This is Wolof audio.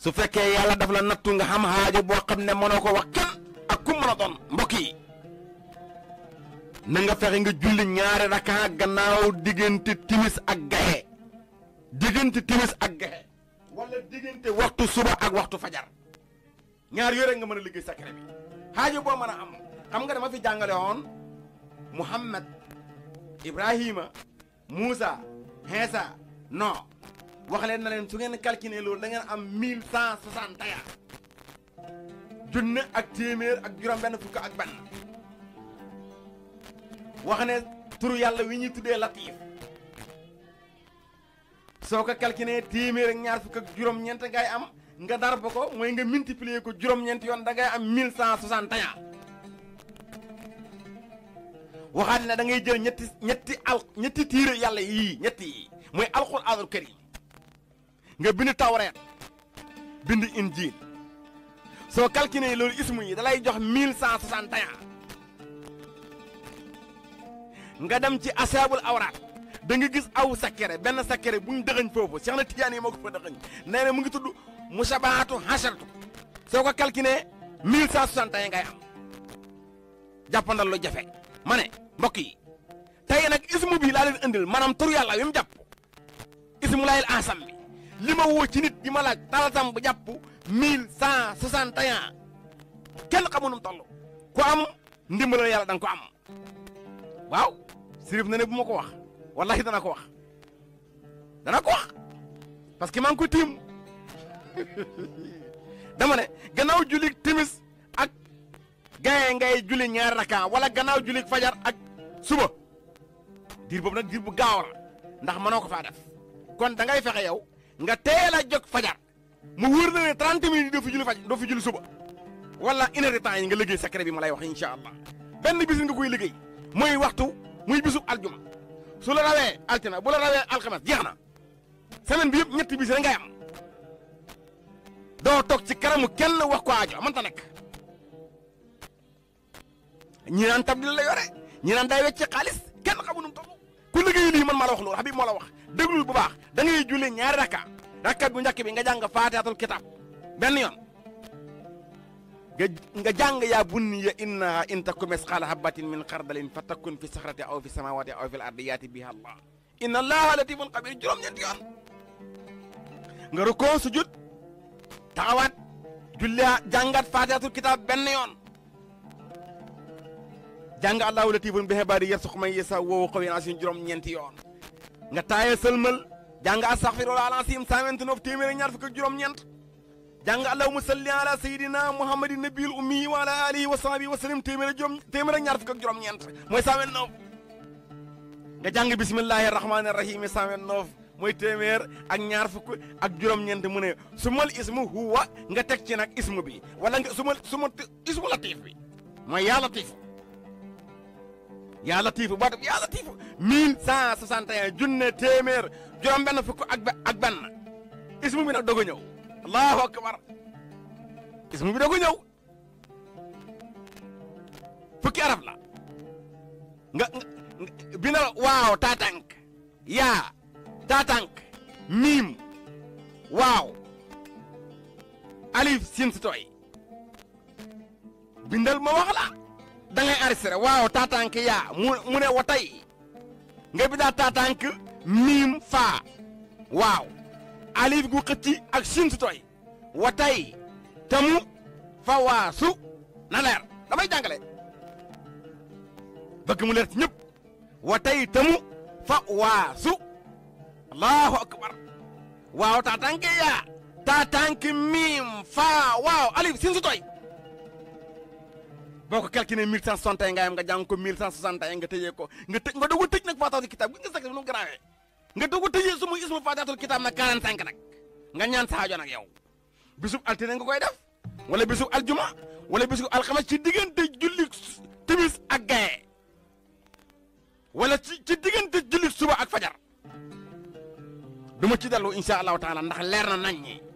su fekkee yàlla daf la nattu nga xam xaaja boo xam ne mënoo ko wax kenn ak ku mën a doon mbokk yi nga fexe nga julli ñaari rakka gannaaw diggante timis ak gaxe diggante timis ak gaxe wala diggante waxtu suba ak waxtu fajar ñaar yore nga mën a liggéey sa bi. xaajo boo mën a am xam nga dama fi jàngale woon Muhammad Ibrahima Moussa Insa non wax leen na leen su ngeen calculer loolu da ngeen am mille cent soixante et junne ak téeméer ak juróom-benn fukk ak benn wax ne turu yàlla wi ñuy tuddee Latif soo ko calculer téeméer ak ñaar fukk ak juróom-ñeent ngay am. nga darba ko mooy nga multiplier ko juróom-ñeenti yoon da ngay am mille cent soixante et waxaat ne da ngay jël ñetti ñetti al ñetti tiire yàlla yii ñetti yii mooy alxuraanul karim nga bind tawreet bind injiil soo calculé loolu ismu yi da lay jox mille cent soixante et un nga dem ci asaabul awraat da nga gis aw sakkere benn sakkere buñ dëxëñ foofu Cheikh na Tidiane yi moo ko fa dëxëñ nee na mu ngi tudd musabahatu hasartu so ko calculé 1161 ngay am jappandal lu jafé mané mbok yi tay nak ismu bi la leen andil manam tur yalla wi japp ismu laayil asam bi lima wo ci nit ñi ma talatam bu japp 1161 kenn xamu num mu ko am ndimbal yalla dang ko am waw sirif na ne buma ko wax wallahi dana ko wax dana ko wax parce que man ko dama ne gannaaw julik timis ak gaye ngay juli ñaar raka wala gannaaw julik fajar ak suba dir boobu nag dir bu gaaw la ndax mënoo ko faa def kon da ngay fexe yow nga teel a fajar mu wóor 30 minutes do fi julli fajar do fi julli suba wala une heure temps yi nga liggéey secret bi ma lay wax insha allah benn bis nga koy liggéey muy waxtu muy bisu aljuma su la rawee altina bu la rawee alxames jeex na semaine bi yëpp ñetti bis rek ngay am do tok ci karamu kenn wax ko aajo ta nek ñi nan tabdil la yoré ñi nan day wéccé xaliss kenn xamu num mu ku liggéey ni man maa la wax lool Habib moo la wax déglul bu baax da ngay julé ñaar rakka rakka bu njëkk bi nga jang faatihatul kitab ben yoon nga ya bunni ya inna in taku misqaala habatin min khardalin fatakun fi saxrati aw fi samawati aw fil ardi yati biha allah inna allaha latifun qabir juróom ñent yoon nga rukoo sujud taxawaat julliya jàngat faatihatul kitaab benn yoon jàng allahu latifun bi xibaari yarsuqu man yasa woowu xaw yenaa sin juróom ñeenti yoon nga taayee sëlmal jàng astaxfirullah alasim cent vingt-neuf téeméer ñaar fukk ak juróom-ñeent jàng allahumma salli ala sayidina muhammadin nabiil ummi wa ala wa sahbihi wa nga jàng bismillahi rahmaani rahim cent vingt mooy téeméer ak ñaar fukk ak juróom-ñeent mu ne sumal ismu huwa nga teg ci nag ismu bi wala nga sumal suma ismu latif bi mooy yaa latif yaa latif boo tax yaa latif mille cent soixante et junne téeméer juróom-benn fukk ak benn ismu bi nag doog a ñëw allahu akbar ismu bi doog a ñëw fukki arab la nga nga bina waaw taatànk yaa Datank Miim waaw Alif Sine Sitoé bindal ma wax la da ngay enregistré waaw Tatank yaa mu mu ne wa tey nga bindaa Tatank Miim faa waaw Alif gu xëcc ak Sine Sitoé wa tey tamu fa waasu na leer damay jàngale bëgg mu leer ci ñëpp wa tamu fa waasu allahu akbar waaw ta tanki ya ta tanki miim fa waaw alif sin boo ko calculé mille cent soixante et un nga yam nga jàng ko mille cent soixante et un nga tëjee ko nga tëj nga doog a tëj nag faataatul kitaab gi nga sax nu garaawee nga doog a tëjee su muy ismu faataatul kitaab nag quarante cinq nag nga ñaan saajo nag yow bisub altine nga koy def wala bisub aljuma wala bisub alxames ci diggante julli timis ak gaye wala ci ci diggante julli suba ak fajar du ma ci dellu incha allahu taala ndax leer na nañ ñi